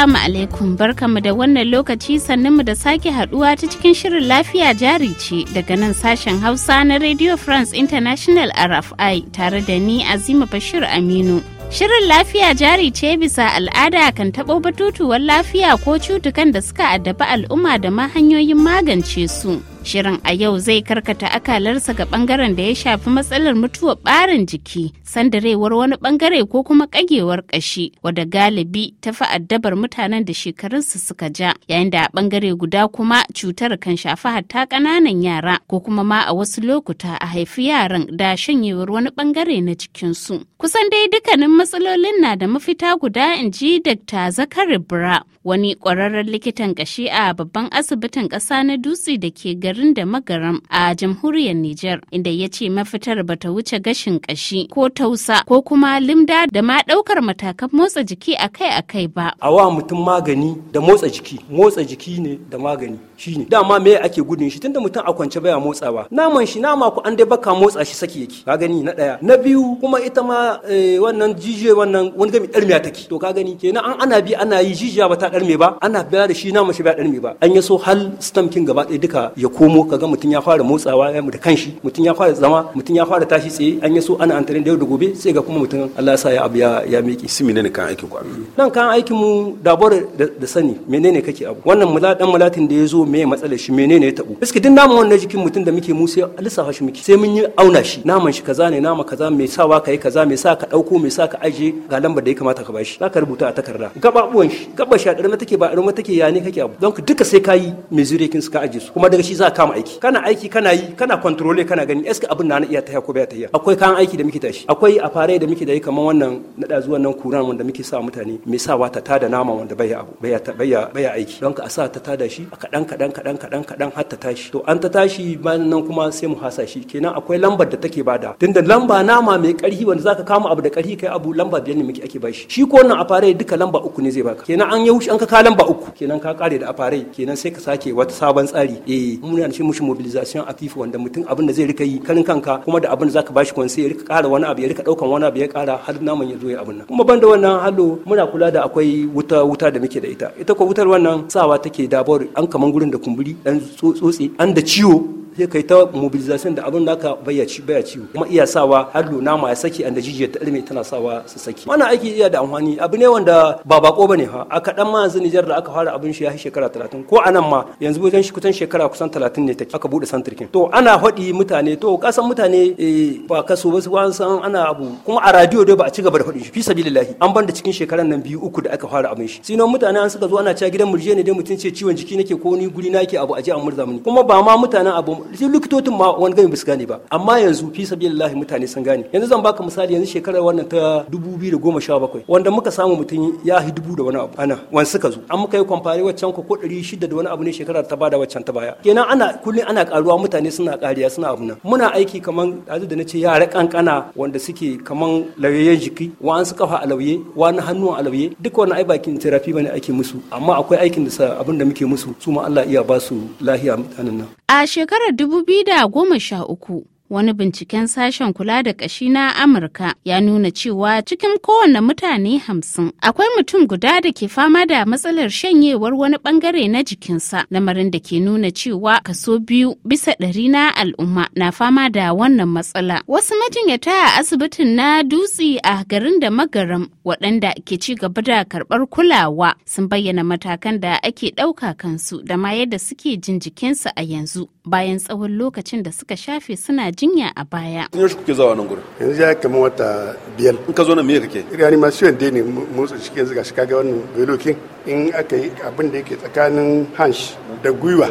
Assalamu alaikum barkamu da wannan lokaci sannan mu da sake haduwa ta cikin shirin lafiya jari ce daga nan sashen Hausa na Radio France International RFI tare da ni Azima Bashir Aminu. Shirin lafiya jari ce bisa al'ada kan taɓo batutuwan lafiya ko cutukan da suka addaba al'umma da ma hanyoyin magance su. Shirin a yau zai karkata akalarsa ga bangaren da ya shafi matsalar mutuwar barin jiki, sandarewar wani bangare ko kuma kagewar kashi, wadda galibi ta fi addabar mutanen da shekarunsu suka ja, yayin da a bangare guda kuma cutar kan shafi hatta ƙananan yara ko kuma ma a wasu lokuta a haifi yaran da shanyewar wani bangare na jikinsu. Kusan dai dukkanin matsalolin na da mafita guda in ji Dr. Zakari Bra, wani ƙwararren likitan kashi a babban asibitin ƙasa na dutse da ke garin da magaram a jamhuriyar Nijar inda ya ce mafitar bata wuce gashin kashi ko tausa ko kuma limda da ma daukar matakan motsa jiki akai-akai ba. A wa mutum magani da motsa jiki, motsa jiki ne da magani shine. Dama me ake gudun shi tunda mutum a kwance baya motsawa. Naman shi nama ku an dai baka motsa shi saki yake. Ka gani na ɗaya. Na biyu kuma ita ma eh, wannan jijiyar wannan wani gami ɗarmiya take. To ka gani kenan an ana bi ana yi jijiya ba ta ba ana bayar da shi nama shi ba ɗarme ba. An yaso hal stamkin gaba ɗaya duka ya komo ga mutum ya fara motsawa da kanshi mutum ya fara zama mutum ya fara tashi tsaye an yi so ana antarin da yau da gobe sai ga kuma mutum Allah sa ya abu ya ya miƙe su menene kan aikin ku nan kan aikin mu dabar da sani menene kake abu wannan mula dan mulatin da ya zo me matsalar shi menene ya tabo iski din namu wannan jikin mutum da muke mu sai alisa shi muke sai mun yi auna shi naman shi kaza ne nama kaza me sawa kai kaza me sa ka dauko me sa ka aje ga lambar da ya kamata ka bashi zaka rubuta a takarda gababuwan shi gaba shi a take ba a take ya ne kake abu don duka sai kayi me zurekin su ka aje su kuma daga shi za ka kama aiki kana aiki kana yi kana controle kana gani eske abin na na iya tahiya ko bai tahiya akwai kan aiki da muke tashi akwai afare da muke da yi kamar wannan nada zuwa nan kuran wanda muke sa mutane me wa ta tada nama wanda bai abu baya aiki don ka sa ta tada shi a dan kadan kadan kadan kadan har ta tashi to an ta tashi bayan nan kuma sai mu hasa shi kenan akwai lambar da take bada tunda lamba nama mai karhi wanda zaka kama abu da karhi kai abu lamba biyar ne muke ake bashi shi ko wannan afare duka lamba uku ne zai baka kenan an ya an ka ka lamba uku kenan ka kare da afare kenan sai ka sake wata sabon tsari eh mun muna shi mushi mobilization active wanda mutum abin da zai rika yi karin kanka kuma da abin da zaka bashi kwanse ya rika kara wani abu ya rika daukan wani abu ya kara har naman ya zo ya abin nan kuma banda wannan halo muna kula da akwai wuta wuta da muke da ita ita ko wutar wannan sawa take dabar an kaman gurin da kumburi dan tsotse an da ciwo sai kai ta mobilization da abin da aka bayyaci baya ciwo kuma iya sawa har luna ma ya saki an da ta ilimi tana sawa su saki wannan aiki iya da amfani abu ne wanda ba bako bane fa aka dan ma yanzu Niger da aka fara abin shi ya shekara 30 ko anan ma yanzu wajen shi kusan shekara kusan 30 ne take aka bude santrikin to ana faɗi mutane to kasan mutane eh, ba kaso ba su san ana abu kuma a radio dai ba a ci gaba da faɗin shi fi sabilillahi an banda cikin shekaran nan biyu uku da aka fara abin shi sinon mutane an suka zo ana cewa gidan murje ne dai mutun ce ciwon jiki nake ko ni guri nake abu aje an murza mini kuma ba ma mutanen abu likitocin ma wani gami basu gane ba amma yanzu fi sabilillahi mutane sun gane yanzu zan baka misali yanzu shekarar wannan ta 2017 wanda muka samu mutum ya yi dubu da wani abu ana wani suka zo an muka yi kwamfari waccan ko 600 da wani abu ne shekarar ta bada waccan ta baya kenan ana kullum ana karuwa mutane suna kariya suna abu nan muna aiki kaman azu da nace yara kankana wanda suke kaman lauyayyen jiki wa'an su kafa a lauye wani hannu a lauye duk wani ai bakin ba bane ake musu amma akwai aikin da abin da muke musu su ma Allah iya ba su lahiya mutanen nan a shekarar shekarar 2013 Wani binciken sashen kula da ƙashi na Amurka ya nuna cewa cikin kowane mutane hamsin akwai mutum guda da ke fama da matsalar shanyewar wani bangare na jikinsa, lamarin da ke nuna cewa kaso biyu bisa ɗari na al'umma na fama da wannan matsala. Wasu majinyata a asibitin na dutse a garin da magaram waɗanda ke ci gaba da karɓar kulawa sun bayyana matakan da ake ɗauka kansu da ma yadda suke jin jikinsu a yanzu bayan tsawon lokacin da suka shafe suna jinya a baya. Tun yaushe kuke zawa nan gurin? Yanzu ya kama wata biyar. In ka zo nan me kake? Reanimation dai ne motsa shi yanzu gashi kaga wannan belokin in aka yi abin da yake tsakanin hansh da gwiwa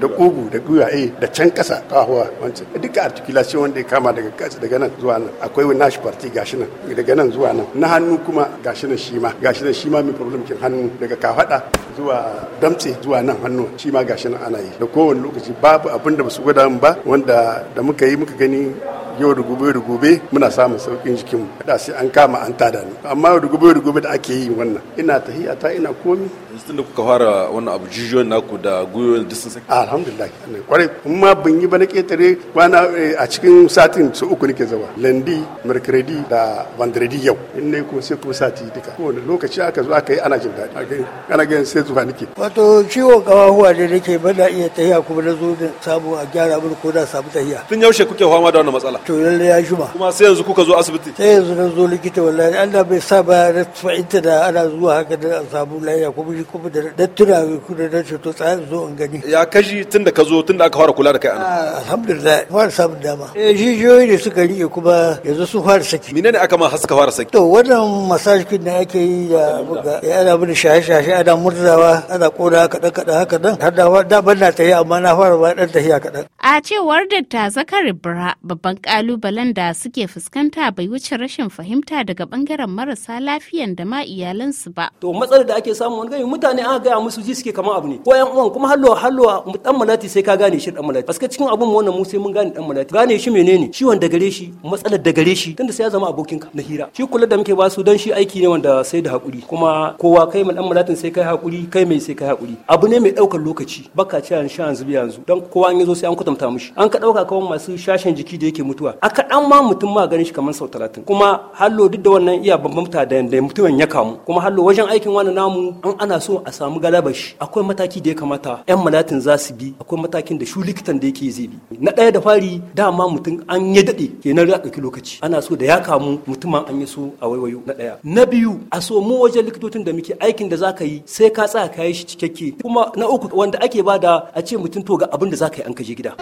da kugu da gwiwa eh da can kasa kahuwa wancan duka articulation wanda ya kama daga kasa daga nan zuwa nan akwai wani nashi party gashi nan daga nan zuwa nan na hannu kuma gashi nan shi ma gashi nan shi ma mai problem kin hannu daga kafada zuwa damtse zuwa nan hannu shi ma gashi nan ana yi da kowane lokaci babu abin da basu gwada mu ba wanda da muka yi muka gani yau da gobe da gobe muna samun saukin jikinmu da sai an kama an tada ni amma da gobe da gobe da ake yi wannan ina tahiya ta ina komi yanzu da kuka fara wannan abu jijiyoyin naku da gwiwoyin duk sun saki alhamdulillah kwarai kuma ban yi ba na ketare kwana eh, a cikin satin su uku nake zama lendi mercredi da vendredi yau in ne ko sai ko sati duka kowane lokaci aka zo aka yi ana jin daɗi ana ganin sai zuwa nake wato ciwon kawahuwa da nake ba na iya tahiya kuma na zo da sabo a gyara mun ko da sabu tahiya tun yaushe kuke fama da wannan matsala to lalle ya shuma kuma sai yanzu kuka zo asibiti sai yanzu na zo likita wallahi Allah bai sa ba na fa'inta da ana zuwa haka da samu lafiya kuma hankali kuma da dattura kuma da ce to tsaya zo in gani ya kashi tun da ka zo tun da aka fara kula da kai alhamdulilayi ah, alhamdulillah fara samun dama e jijiyoyi da suka riƙe kuma yanzu sun fara saki ne aka ma haska fara saki to wannan masaj kin da ake yi da buga ya ana bin shaye shaye ana murzawa ana ƙona kaɗan kaɗan haka nan har da da ban na yi amma na fara ba ɗan tahiya kaɗan A cewar ta Zakari Bura babban kalubalen da suke fuskanta bai wuce rashin fahimta daga bangaren marasa lafiyan da ma iyalansu ba. To matsalar da ake samu wani gani mutane aka gaya musu ji suke kama abu ne. Ko yan uwan kuma halluwa halluwa dan malati sai ka gane shi dan malati. Paske cikin abun mu wannan mu sai mun gane dan malati. Gane shi menene? Ciwon wanda gare shi, matsalar da gare shi, tunda sai ya zama abokinka na hira. Shi kula da muke ba su dan shi aiki ne wanda sai da hakuri. Kuma kowa kai mai dan malatin sai kai hakuri, kai mai sai kai hakuri. Abu ne mai daukar lokaci. Baka ci yanzu yanzu. Dan kowa an yazo sai an kuta haramta mishi an ka dauka kawai masu shashin jiki da yake mutuwa a kaɗan ma mutum ma ganin shi kamar sau talatin kuma hallo duk da wannan iya bambamta da yanda mutumin ya kamu kuma hallo wajen aikin wani namu an ana so a samu galabashi akwai mataki da ya kamata yan malatin za su bi akwai matakin da shu likitan da yake zai bi na ɗaya da fari dama mutum an ya daɗe kenan ya ɗauki lokaci ana so da ya kamu mutumin an yi so a waiwayo na ɗaya na biyu a so mu wajen likitocin da muke aikin da za ka yi sai ka tsaya ka yi shi cikakke kuma na uku wanda ake bada a ce mutum to ga abin da za ka yi an kaje gida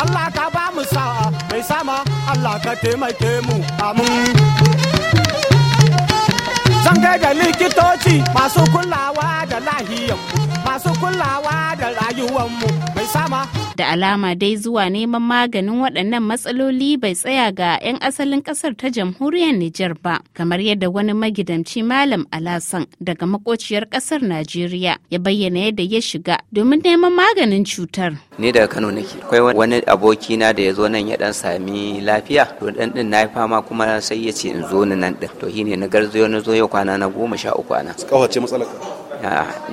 Allah ka ba mu sa'a mai sama Allah ka taimake mu amin. Zan da likitoci masu kulawa da lahiyanmu, masu kulawa da mu. alama dai zuwa neman maganin waɗannan matsaloli bai tsaya ga 'yan asalin ƙasar ta jamhuriyar Nijar ba, kamar yadda wani magidanci Malam Alasan daga makociyar ƙasar Najeriya ya bayyana yadda ya shiga domin neman maganin cutar. Ni daga Kano nake, akwai wani abokina da ya zo nan ya dan sami lafiya, to dan din na fama kuma sai ya ce in zo ni nan din. To shine na garzo na zo yau kwana na goma sha uku ana. Kawace matsalar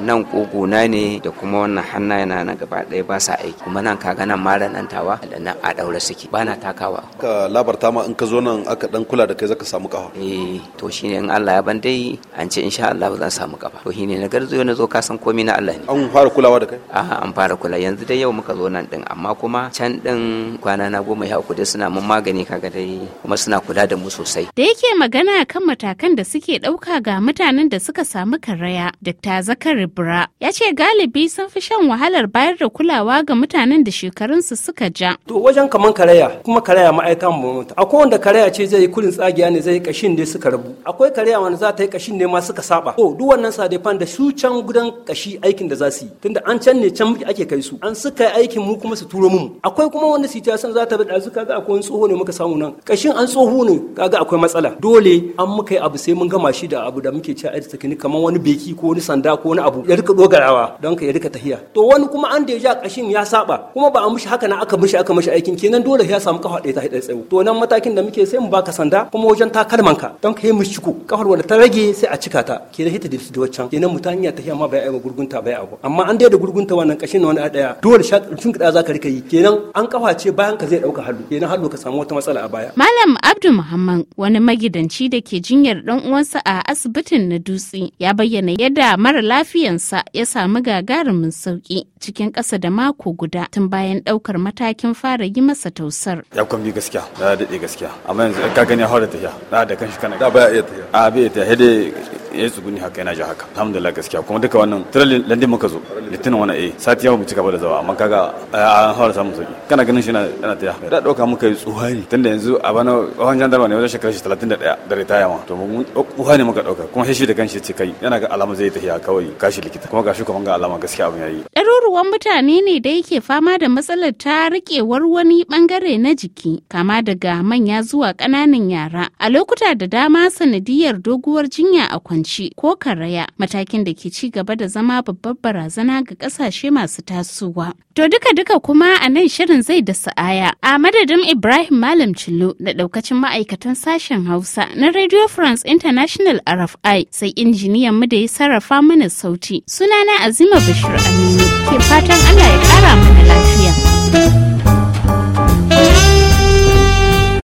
nan kuguna ne da kuma wannan hannaye na na gaba ɗaya ba sa aiki kuma nan ka nan mara nan tawa da nan a daura suke ba na takawa ka labarta ma in ka zo nan aka dan kula da kai zaka samu kafa eh to shine in Allah ya ban dai an ce insha Allah zan samu kafa to shine na garzo na zo ka san komai na Allah ne an fara kulawa da kai a an fara kula yanzu dai yau muka zo nan din amma kuma can din kwana na goma ya uku dai suna mun magani kaga dai kuma suna kula da mu sosai da yake magana kan matakan da suke dauka ga mutanen da suka samu karaya Dr. Zakari Bura ya ce galibi sun fi shan wahalar bayar da kulawa ga mutanen da shekarunsu suka ja. To wajen kaman karaya kuma karaya ma'aika mu mutu. Akwai wanda karaya ce zai yi kurin tsagiya ne zai yi kashin ne suka rabu. Akwai karaya wanda za ta yi kashin ne ma suka saba. To duk wannan sa da su can gudan kashi aikin da za su yi. Tunda an can ne can ake kai su. An suka yi aikin mu kuma su turo mu. Akwai kuma wanda su san za ta bi ɗazu kaga akwai wani tsoho ne muka samu nan. Kashin an tsoho ne kaga akwai matsala. Dole an muka yi abu sai mun gama shi da abu da muke cewa a kamar wani beki ko wani sanda guda ko wani abu ya rika dogarawa don ka ya rika tahiya to wani kuma an da ya ja kashin ya saba kuma ba a mishi haka na aka mishi aka mishi aikin kenan dole ya samu kafa ɗaya ta haɗa tsayo to nan matakin da muke sai mu baka sanda kuma wajen ta ka don ka yi mishi ciko kafar wanda ta rage sai a cika ta kenan hita da da waccan kenan mu ta hanya tahiya ma bai aiwa gurgunta bai abu amma an da gurgunta wannan kashin wani a ɗaya dole shin kiɗa za ka rika yi kenan an kafa ce bayan ka zai ɗauka hallu kenan hallu ka samu wata matsala a baya. Malam Abdu Muhammad wani magidanci da ke jinyar dan uwansa a asibitin na dutse ya bayyana yadda mara mara lafiyansa ya samu gagarumin sauki cikin ƙasa da mako guda tun bayan ɗaukar matakin fara yi masa tausar. Ya bi gaskiya, na daɗe gaskiya, amma yanzu ka gani ya hau da tafiya, na da shi kana. Da ba ya iya tafiya. A bai iya tafiya, ya eh, tsuguni haka yana ja haka alhamdulillah gaskiya kuma duka wannan tiralin landin muka zo litinin wani eh sati yawa mu ci gaba da zawa amma kaga eh, an hawar samun sauki kana ganin shi yana taya da dauka muka yi tsuhani tunda yanzu a bana wajen jandarma ne wajen shekarar shi 31 da ritaya ma to mun oh, tsuhani muka dauka kuma shi da kanshi ce kai yana ga alama zai tafiya kawai kashi likita kuma gashi kuma ga alama gaskiya abin yayi ɗaruruwan mutane ne da yake fama da matsalar ta rikewar wani bangare na jiki kama daga manya zuwa ƙananan yara a lokuta da dama sanadiyar doguwar jinya a kwanci abinci ko karaya matakin da ke ci gaba da zama babbar barazana ga kasashe masu tasowa. To duka-duka kuma a nan shirin zai da sa'aya a madadin Ibrahim Malam Cillo da daukacin ma'aikatan sashen Hausa na Radio France International RFI sai injiniyan mu da ya sarrafa mana sauti. Sunana Azima Bashir Aminu ke fatan Allah ya kara mana lafiya.